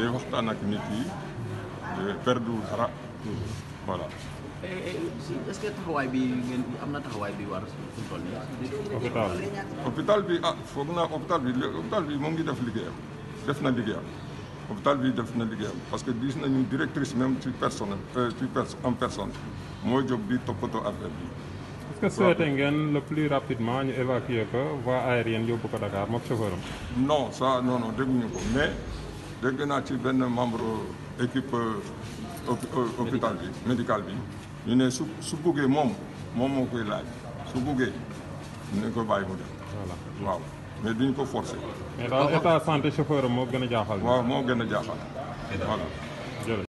day waxtaan ak nit yi perduwul dara voilà. Eh, eh, est-ce que taxawaay bi ngeen am na bi war fi mu hôpital bi ah foog naa hôpital bi hôpital bi moo ngi def liggéeyam def na liggéeyam. hôpital bi def na liggéeyam parce que gis nañu directrice même ci personne euh, ci en personne moo jóg di toppatoo affaire bi. est-ce que souhaité ngeen le plus rapidement ñu évacuer ko voie aérienne yóbbu ko Dakar moom chauffeur am. non ça non non dégguñu ko mais. dégg naa ci benn membre équipe euh, euh, hôpital bi médical bi ñu ne su su buggee moom moom moo koy laaj su buggee nañ ko bàyyi mu def waaw mais duñ ko forcer. mais daal état santé chauffeur moo gën a jaaxal. waaw moo gën a jaaxal voilà.